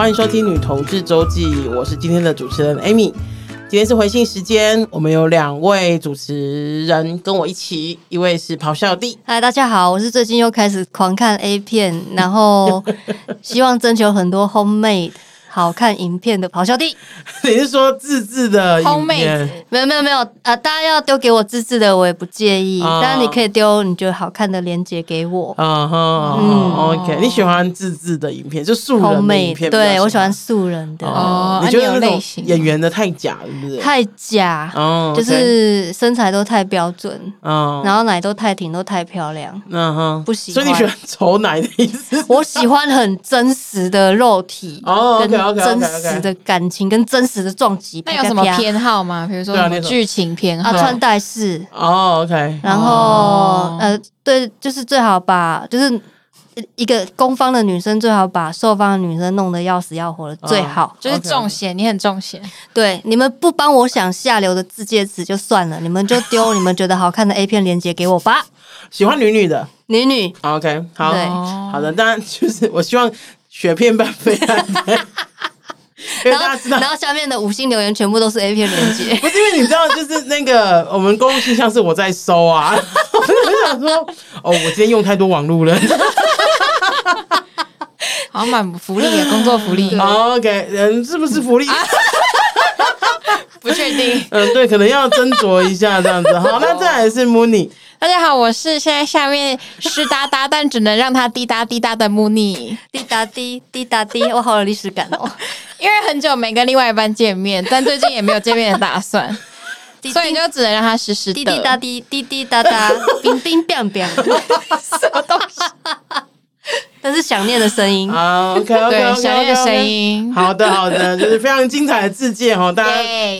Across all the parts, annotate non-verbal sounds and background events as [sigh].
歡迎收聽《女同志週記》，我是今天的主持人 Amy。今天是回信時間，我們有兩位主持人跟我一起，一位是咆哮蒂。嗨，大家好，我是最近又開始狂看 A 片， [laughs] 然後希望徵求很多 Homemade。好看影片的咆哮蒂，你是說自制的影片？Homemade，沒有沒有沒有啊！大家要丟給我自制的，我也不介意。但是你可以丟你覺得好看的鏈接給我。嗯哼，嗯，OK。你喜歡自制的影片，就素人的影片。對，我喜歡素人的。哦，你有類型。演員的太假了，是不是？太假哦，就是身材都太標準，嗯，然後奶都太挺，都太漂亮。嗯哼，不喜歡。所以你喜歡醜奶的意思？我喜歡很真實的肉體哦。真實的感情跟真實的撞擊，那有什麼偏好嗎？比如說劇情偏好，穿戴式哦，OK。然後呃，對，就是最好把，就是一個攻方的女生最好把受方的女生弄得要死要活的，最好就是中邪，你很中邪。對，你們不幫我想下流的自介詞就算了，你們就丟你們覺得好看的 A 片連結給我吧。喜歡女女的，女女 OK，好好的，當然就是我希望。雪片般飛，然後下面的五星留言全部都是 A 片連接，不是因為你知道，就是那個我們公司像是我在搜啊， [laughs] [laughs] 我就想說，哦，我今天用太多網絡了 [laughs] [laughs] 好，好滿福利工作福利，O K，人是不是福利？ [laughs] 啊 [laughs] 不確定，嗯、呃，對，可能要斟酌一下這樣子。好，那再來是 Mooni，哦。大家好，我是現在下面濕噠噠，但只能讓它滴答滴答的 Mooni。滴答滴，滴答滴，我好有歷史感哦，因為很久沒跟另外一半見面，但最近也沒有見面的打算，滴滴所以就只能讓它時時滴滴答滴滴滴答答，冰冰冰冰， [laughs] 什麼東西？但是想念的聲音啊、oh！OK OK 想念的聲音。好的好的，就是非常精彩的自介哦！ [laughs] 大家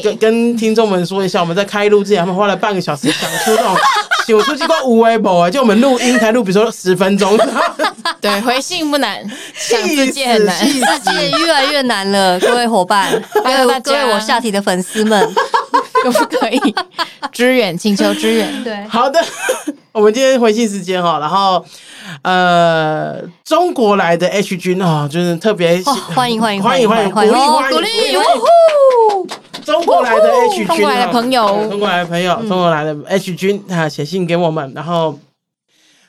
跟跟聽眾們說一下，我們在開錄之前，他們花了半個小時想出這種，我出去逛無微博啊，就我們錄音才錄，比如說十分鐘。 [laughs] 對，回信不難，想自介很難，自介越來越難了，各位夥伴， [laughs] 各位，各位我下體的粉絲們。 [laughs] 可 [laughs] 不可以支援？請求支援，對。好的，我們今天回信時間哈，然後呃，中國來的 H 君哈、喔，就是特別、哦、歡迎歡迎歡迎歡迎歡迎，鼓勵鼓勵，嗚呼！中國來的 H 君，朋友，中國來的朋友，中國來的 H 君，他寫信給我們，然後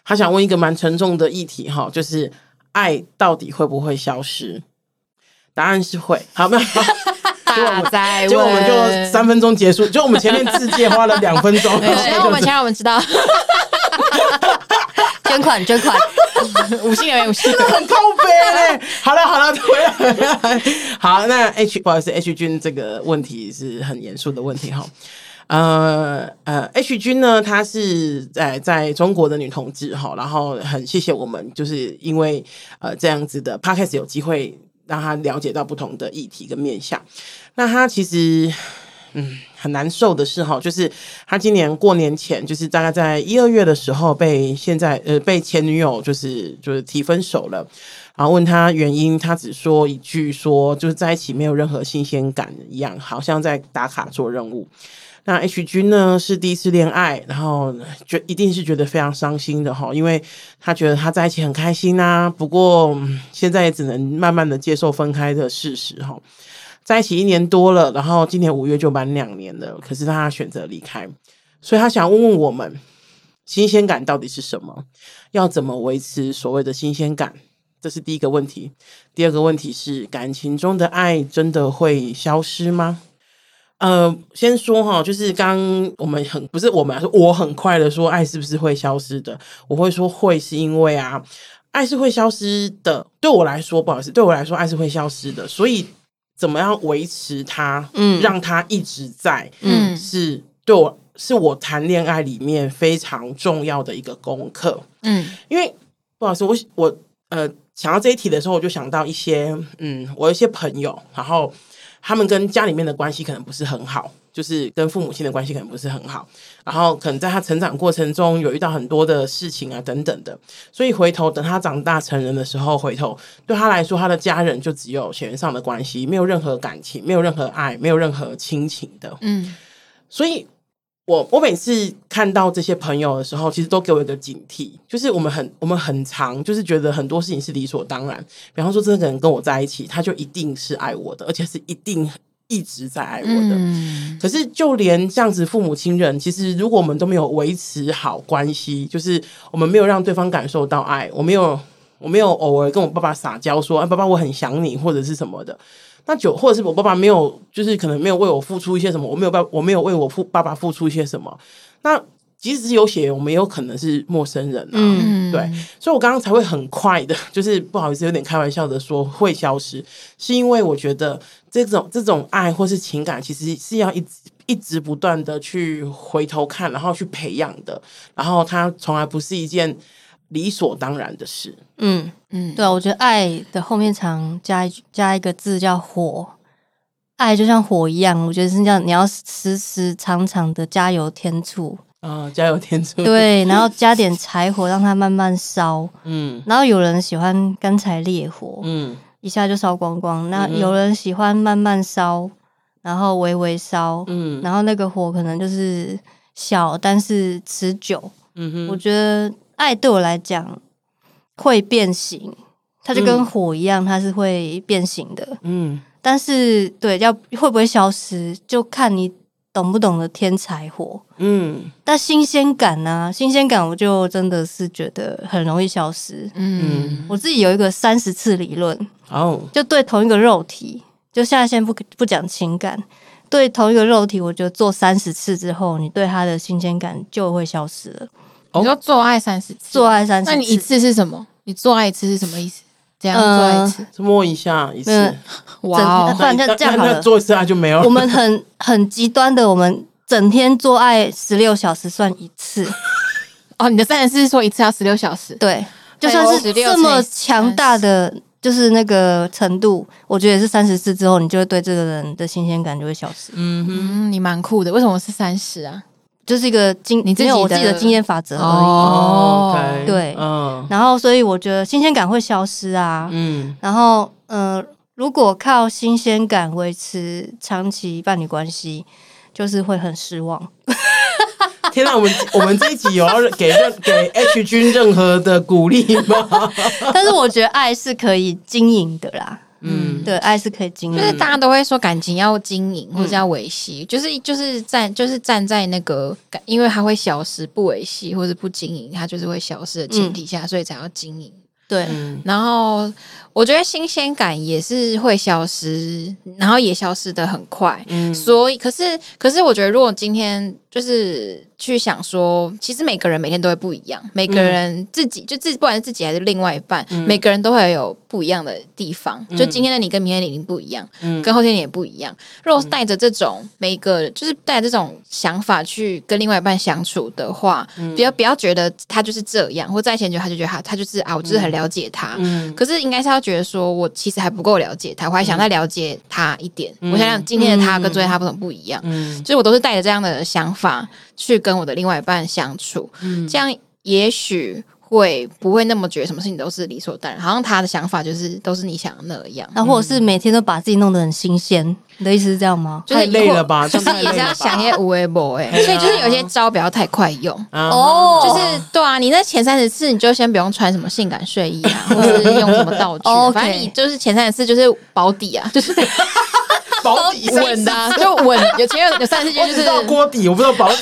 他想問一個蠻沉重的議題哈、喔，就是愛到底會不會消失？答案是會，好不好？ [laughs] 大災，就我們就三分鐘結束， [laughs] 就我們前面自介花了兩分鐘，然後我們先讓我們知道，捐 [laughs] [laughs] 款，捐款 [laughs] 五星而已，五星演員五星， [laughs] [laughs] 真的很高費嘞。好了好了，對了， [laughs] 好，那 H 不好意思，H 君這個問題是很嚴肅的問題哈。呃、uh, 呃、uh,，H 君呢，她是在在中國的女同志哈，然後很謝謝我們，就是因為呃這樣子的 Podcast 有機會。讓他了解到不同的議題跟面向。那他其實，嗯，很難受的是齁，就是他今年過年前，就是大概在一二月的時候，被現在呃被前女友就是就是提分手了，然後問他原因，他只說一句說就是在一起沒有任何新鮮感一樣，好像在打卡做任務。那 H 君呢，是第一次戀愛，然後覺一定是覺得非常傷心的哈，因為他覺得他在一起很開心啊，不過現在也只能慢慢的接受分開的事實哈，在一起一年多了，然後今年五月就滿兩年了，可是他選擇離開，所以他想問問我們，新鮮感到底是什麼？要怎麼維持所謂的新鮮感？這是第一個問題。第二個問題是，感情中的愛真的會消失嗎？呃，先說哈，就是剛我們很不是我們來說，我很快的說，愛是不是會消失的？我會說會，是因為啊，愛是會消失的。對我來說，不好意思，對我來說，愛是會消失的。所以，怎麼樣維持它，嗯，讓它一直在，嗯，嗯是對我，是我談戀愛裡面非常重要的一個功課，嗯，因為不好意思，我我呃，想到這一題的時候，我就想到一些，嗯，我有一些朋友，然後。他們跟家裡面的關係可能不是很好，就是跟父母親的關係可能不是很好，然後可能在他成長過程中有遇到很多的事情啊等等的，所以回頭等他長大成人的時候，回頭對他來說，他的家人就只有血緣上的關係，沒有任何感情，沒有任何愛，沒有任何親情的，嗯，所以。我我每次看到這些朋友的時候，其實都給我一個警惕，就是我們很我們很常，就是覺得很多事情是理所當然。比方說，這個人跟我在一起，他就一定是愛我的，而且是一定一直在愛我的。嗯、可是，就連這樣子父母親人，其實如果我們都沒有維持好關係，就是我們沒有讓對方感受到愛，我沒有，我沒有偶爾跟我爸爸撒嬌說，啊，爸爸，我很想你，或者是什麼的。那，就或者是我爸爸沒有，就是可能沒有為我付出一些什麼，我沒有辦，我沒有為我父爸爸付出一些什麼。那即使是有血緣，我們也有可能是陌生人啊。嗯、對，所以我剛剛才會很快的，就是不好意思，有點開玩笑的說會消失，是因為我覺得這種這種愛或是情感，其實是要一直一直不斷的去回頭看，然後去培養的，然後它從來不是一件。理所當然的事。嗯嗯，對啊，我覺得愛的後面常加一加一個字叫火，愛就像火一樣，我覺得是這樣，你要時時常常的加油添醋啊。哦，加油添醋。對，然後加點柴火讓它慢慢燒。嗯，然後有人喜歡乾柴烈火，嗯，一下就燒光光。嗯、那有人喜歡慢慢燒，然後微微燒，嗯，然後那個火可能就是小，但是持久。嗯哼，我覺得。愛對我來講會變形，它就跟火一樣，嗯、它是會變形的。嗯，但是對要會不會消失，就看你懂不懂得添柴火。嗯，但新鮮感呢？啊？新鮮感我就真的是覺得很容易消失。嗯，嗯，我自己有一個三十次理論，哦，就對同一個肉體，就現在先不不講情感，對同一個肉體，我覺得做三十次之後，你對他的新鮮感就會消失了。你說做愛三十次，哦、做愛三十次，那你一次是什麼？你做愛一次是什麼意思？這樣做一次？呃、是摸一下一次。哇有，那 Wow、啊、這樣好了，做一次愛就沒有了。我們很很極端的，我們整天做愛十六小時算一次。 [laughs] 哦，你的三十是說一次要十六小時？對，就算是這麼強大的，就是那個程度， [laughs] 我覺得是三十次之後，你就會對這個人的新鮮感就會消失。嗯哼，你蠻酷的，為什麼我是三十啊？就是一個經，只有我自己的經驗法則而已。哦，okay, 對，嗯，uh, 然後所以我覺得新鮮感會消失啊，嗯，然後嗯、呃，如果靠新鮮感維持長期伴侶關係，就是會很失望。 [laughs] 天哪，我們我們這一集有要給任給 H 君任何的鼓勵嗎？ [laughs] [laughs] 但是我覺得愛是可以經營的啦。對，愛是可以經營，就是大家都會說感情要經營或者是要維繫，嗯、就是就是站，就是站在那個，因為它會消失，不維繫或者不經營，它就是會消失的前提下，嗯、所以才要經營。對，嗯、然後。我覺得新鮮感也是會消失，然後也消失的很快。嗯、所以可是可是，可是我覺得如果今天就是去想說，其實每個人每天都會不一樣，每個人自己、嗯、就自己，不管是自己還是另外一半，嗯、每個人都會有不一樣的地方。嗯、就今天的你跟明天的你不一樣，嗯、跟後天你也不一樣。如果是帶着這種、嗯、每個，就是帶這種想法去跟另外一半相處的話，不要、嗯、不要覺得他就是這樣，或在前覺得他就覺得他他就是啊，嗯、我就是很了解他。嗯嗯、可是應該是要。覺得說我其實還不夠了解他，我還想再了解他一點。嗯、我想想今天的他跟昨天他不同，不一樣，所以、嗯，嗯、我都是帶着這樣的想法去跟我的另外一半相處。嗯、這樣，也許。會不會那麼覺得什麼事情都是理所當然？好像他的想法就是都是你想的那一樣，那、嗯、或者是每天都把自己弄得很新鮮？你的意思是這樣嗎？就是太累了吧？或了吧，就是也是要想，也無謂誒，所以就是有些招不要太快用哦。 [laughs] oh, 就是對啊，你在前三十次你就先不用穿什麼性感睡衣啊， [laughs] 或者是用什麼道具，Okay. 反正你就是前三十次就是保底啊，就是。保底穩的、啊、就穩，有前面有三句就是鍋底，我不知道保底。就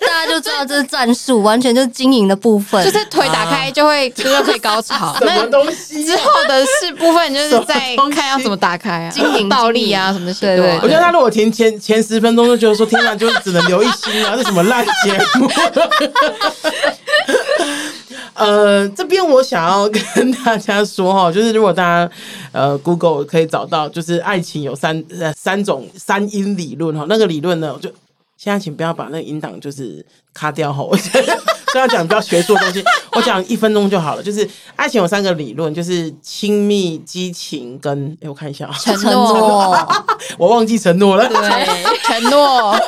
是大家就知道這是戰術， [laughs] 完全就是經營的部分，就是腿打開就會、啊、就要最高潮。什麼東西、啊、之後的是部分，就是在看要怎麼打開啊，經營暴力啊什麼的。啊、麼對，對，對，我覺得他如果停前前，前十分鐘，就覺得說天藍就是只能留一星啊， [laughs] 這什麼爛節目。 [laughs] 呃，這邊我想要跟大家說哈，就是如果大家呃，Google 可以找到，就是愛情有三三種三因理論哈，那個理論呢，就現在請不要把那個音檔就是卡掉哈，跟他講不要學術東西， [laughs] 我講一分鐘就好了，就是愛情有三個理論，就是親密、激情跟哎，欸、我看一下、喔、承諾諾， [laughs] 我忘記承諾了對，對承諾。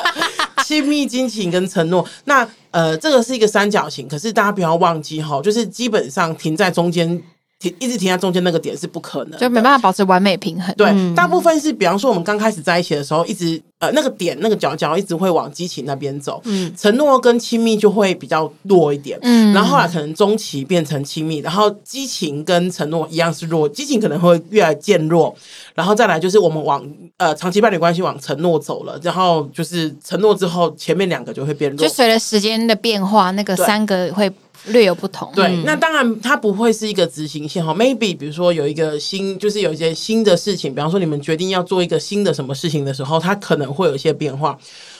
[laughs] 親密、激情跟承諾，那呃，這個是一個三角形。可是大家不要忘記哈，就是基本上停在中間。停，一直停在中間那個點是不可能，就沒辦法保持完美平衡。對，嗯、大部分是比方說我們剛開始在一起的時候，一直呃那個點那個角角一直會往激情那邊走，嗯、承諾跟親密就會比較弱一點。嗯，然後後來可能中期變成親密，然後激情跟承諾一樣是弱，激情可能會越來漸弱。然後再來就是我們往呃長期伴侶關係往承諾走了，然後就是承諾之後前面兩個就會變弱，就隨着時間的變化，那個三個會。略有不同，對，嗯、那當然它不會是一個直線哈，maybe 比如說有一個新，就是有一些新的事情，比方說你們決定要做一個新的什麼事情的時候，它可能會有一些變化。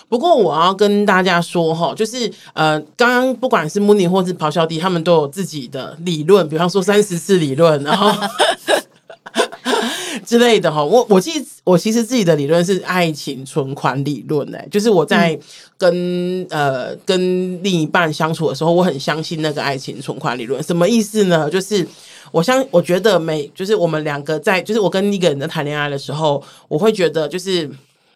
不過我要跟大家說哈，就是呃，剛剛不管是 Mooni 或是咆哮蒂，他們都有自己的理論，比方說三十次理論，然後。 [laughs] 之類的哈，我我其實我其實自己的理論是愛情存款理論哎、欸，就是我在跟、嗯、呃跟另一半相處的時候，我很相信那個愛情存款理論。什麼意思呢？就是我相我覺得每就是我們兩個在就是我跟一個人在談戀愛的時候，我會覺得就是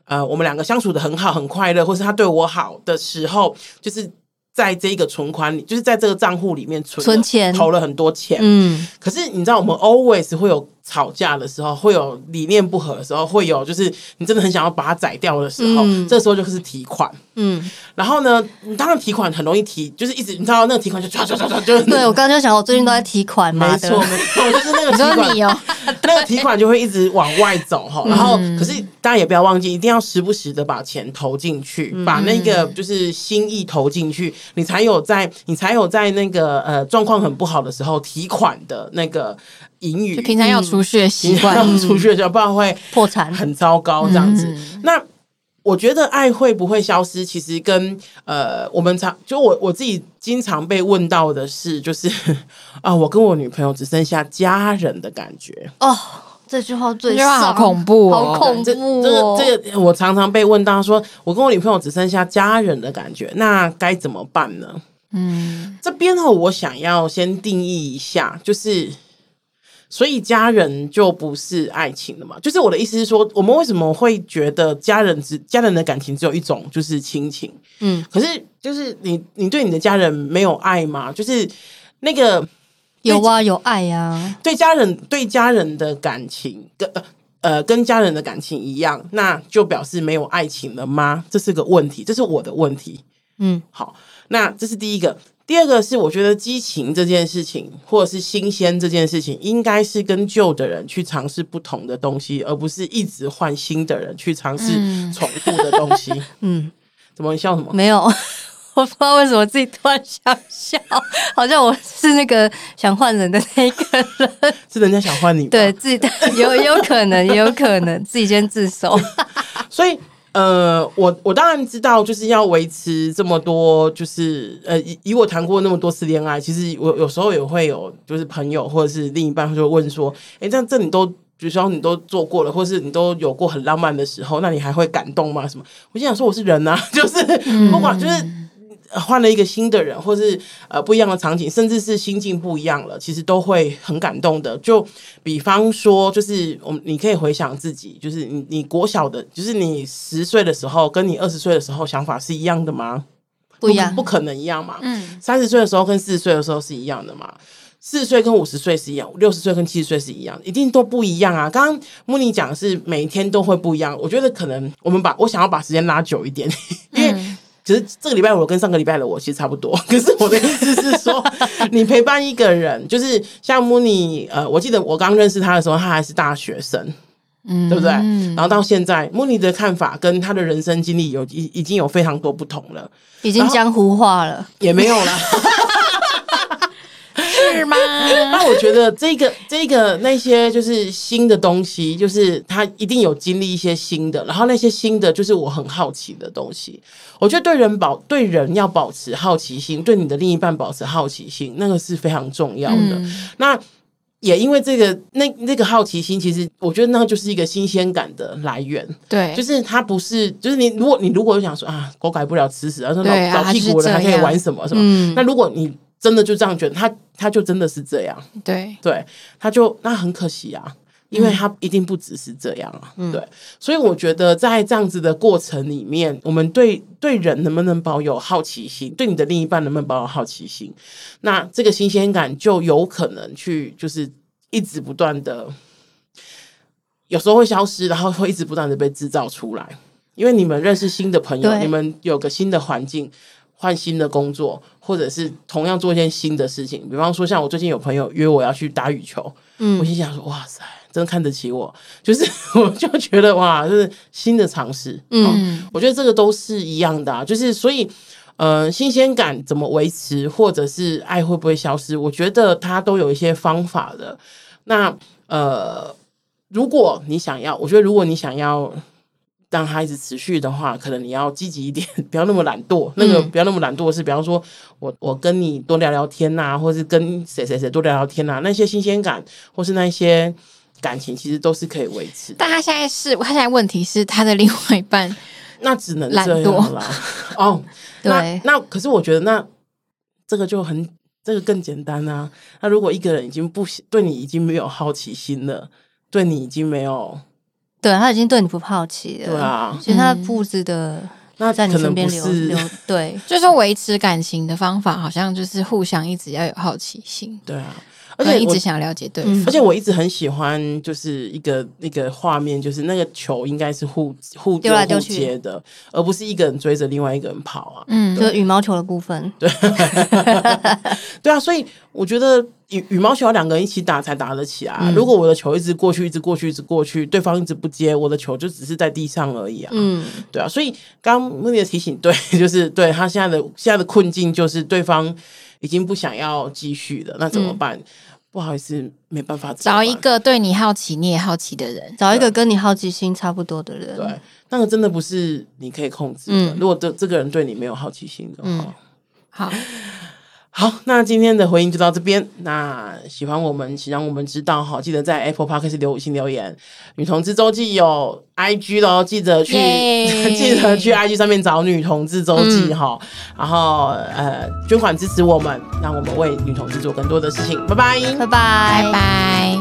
呃我們兩個相處得很好很快樂，或是他對我好的時候，就是在這一個存款裡，就是在這個賬戶裡面存存錢投了很多錢。嗯，可是你知道我們 always 會有。吵架的時候，會有理念不合的時候會有，就是你真的很想要把它宰掉的時候，嗯，這時候就是提款。嗯，然後呢，你當然提款很容易提，就是一直你知道那個提款就唰唰唰唰，就對我剛剛就想，我最近都在提款嘛，沒錯，我就是那個提款，那個提款就會一直往外走哈。然後，可是大家也不要忘記，一定要時不時的把錢投進去，把那個就是心意投進去，你才有在你才有在那個呃狀況很不好的時候提款的那個盈餘，就平常要出血的、習慣，出血的習慣，不然會破產，很糟糕這樣子。那我覺得愛會不會消失，其實跟呃，我們常就我我自己經常被問到的是，就是啊，我跟我女朋友只剩下家人的感覺。哦，這句話最好恐怖，好恐怖哦！對，這個、就是、我常常被問到說，說我跟我女朋友只剩下家人的感覺，那該怎麼辦呢？嗯，這邊呢，我想要先定義一下，就是。所以家人就不是愛情了嘛？就是我的意思是說，我們為什麼會覺得家人只家人的感情只有一種就是親情？嗯，可是就是你你對你的家人沒有愛嗎？就是那個有啊，有愛呀，啊。對家人對家人的感情跟呃，呃，呃跟家人的感情一樣，那就表示沒有愛情了嗎？這是個問題，這是我的問題。嗯，好，那這是第一個。第二個是，我覺得激情這件事情，或者是新鮮這件事情，應該是跟舊的人去嘗試不同的東西，而不是一直換新的人去嘗試重複的東西。嗯，嗯、怎麼，你笑什麼？沒有，我不知道為什麼自己突然想笑，好像我是那個想換人的那個人， [laughs] 是人家想換你，對自己有有可能，也有可能自己先自首， [laughs] 所以。呃，我我當然知道，就是要維持這麼多，就是呃，以以我談過那麼多次戀愛，其實我有時候也會有，就是朋友或者是另一半就會問說，哎、欸，這樣這你都比如說你都做過了，或是你都有過很浪漫的時候，那你還會感動嗎？什麼？我就想說我是人啊，就是、mm hmm. 不管就是。換了一個新的人，或是呃不一樣的場景，甚至是心境不一樣了，其實都會很感動的。就比方說，就是我們你可以回想自己，就是你你國小的，就是你十歲的時候，跟你二十歲的時候想法是一樣的嗎？不一樣，不可能一樣嘛。嗯。三十歲的時候跟四十歲的時候是一樣的嘛？四十歲跟五十歲是一樣，六十歲跟七十歲是一樣，一定都不一樣啊。剛剛 Mooni 講的是每一天都會不一樣，我覺得可能我們把我想要把時間拉久一點。 [laughs] 其實這個禮拜我跟上個禮拜的我其實差不多，可是我的意思是說， [laughs] 你陪伴一個人，就是像 Mooni，呃，我記得我剛認識他的時候，他還是大學生，嗯，對不對？然後到現在，Mooni 的看法跟他的人生經歷有已已經有非常多不同了，已經江湖化了，也沒有了。 [laughs] [laughs] 是嗎？ [laughs] 那我覺得這個、這個那些就是新的東西，就是他一定有經歷一些新的，然後那些新的就是我很好奇的東西。我覺得對人保對人要保持好奇心，對你的另一半保持好奇心，那個是非常重要的。嗯、那也因為這個，那那個好奇心，其實我覺得那個就是一個新鮮感的來源。對，就是他不是，就是你，如果你如果想說啊，狗改不了吃屎，然後老老屁股了還可以玩什麼什麼？啊嗯、那如果你。真的就這樣覺得他，他就真的是這樣，對對，他就那很可惜啊，因為他一定不只是這樣啊，嗯、對，所以我覺得在這樣子的過程裡面，嗯、我們對對人能不能保有好奇心，對你的另一半能不能保有好奇心，那這個新鮮感就有可能去就是一直不斷的，有時候會消失，然後會一直不斷的被制造出來，因為你們認識新的朋友，對你們有個新的環境。換新的工作，或者是同樣做一件新的事情，比方說像我最近有朋友約我要去打羽球，嗯，我心想說哇塞，真的看得起我，就是我就覺得哇，就是新的嘗試，嗯、哦，我覺得這個都是一樣的，啊，就是所以呃，新鮮感怎麼維持，或者是愛會不會消失，我覺得它都有一些方法的。那呃，如果你想要，我覺得如果你想要。但他一直持續的話，可能你要積極一點，不要那麼懶惰。嗯、那個不要那麼懶惰是，比方說我我跟你多聊聊天吶、啊，或是跟誰誰誰多聊聊天吶、啊，那些新鮮感或是那些感情，其實都是可以維持。但他現在是，他現在問題是他的另外一半，那只能懶惰了。哦、oh, [laughs] 對，那那可是我覺得那這個就很這個更簡單啊。那如果一個人已經不對你已經沒有好奇心了，對你已經沒有。對，他已經對你不好奇了，對啊，其實他佈置的那、嗯、在你身邊留留，對，就是說維持感情的方法，好像就是互相一直要有好奇心，對啊。而且我一直想了解對，而且我一直很喜歡就是一個那、嗯、個畫面，就是那個球應該是互互對接的，而不是一個人追着另外一個人跑啊。嗯，對就是羽毛球的部分，對， [laughs] [laughs] 對啊，所以我覺得羽羽毛球要兩個人一起打才打得起啊。嗯、如果我的球一直過去，一直過去，一直過去，對方一直不接，我的球就只是在地上而已啊。嗯，對啊，所以剛剛 Mooni 提醒對，就是對他現在的現在的困境就是對方。已經不想要繼續了，那怎麼辦？嗯、不好意思，沒辦法找。找一個對你好奇、你也好奇的人，對找一個跟你好奇心差不多的人。對，那個真的不是你可以控制的。嗯、如果這這個人對你沒有好奇心的話，嗯、好。好，那今天的回應就到這邊。那喜歡我們，請讓我們知道哈，記得在 Apple Podcast 留五星留言。女同志週記有 IG 哦，記得去，Yeah. [laughs] 記得去 IG 上面找女同志週記哈。嗯、然後呃，捐款支持我們，讓我們為女同志做更多的事情。拜，拜拜，拜拜。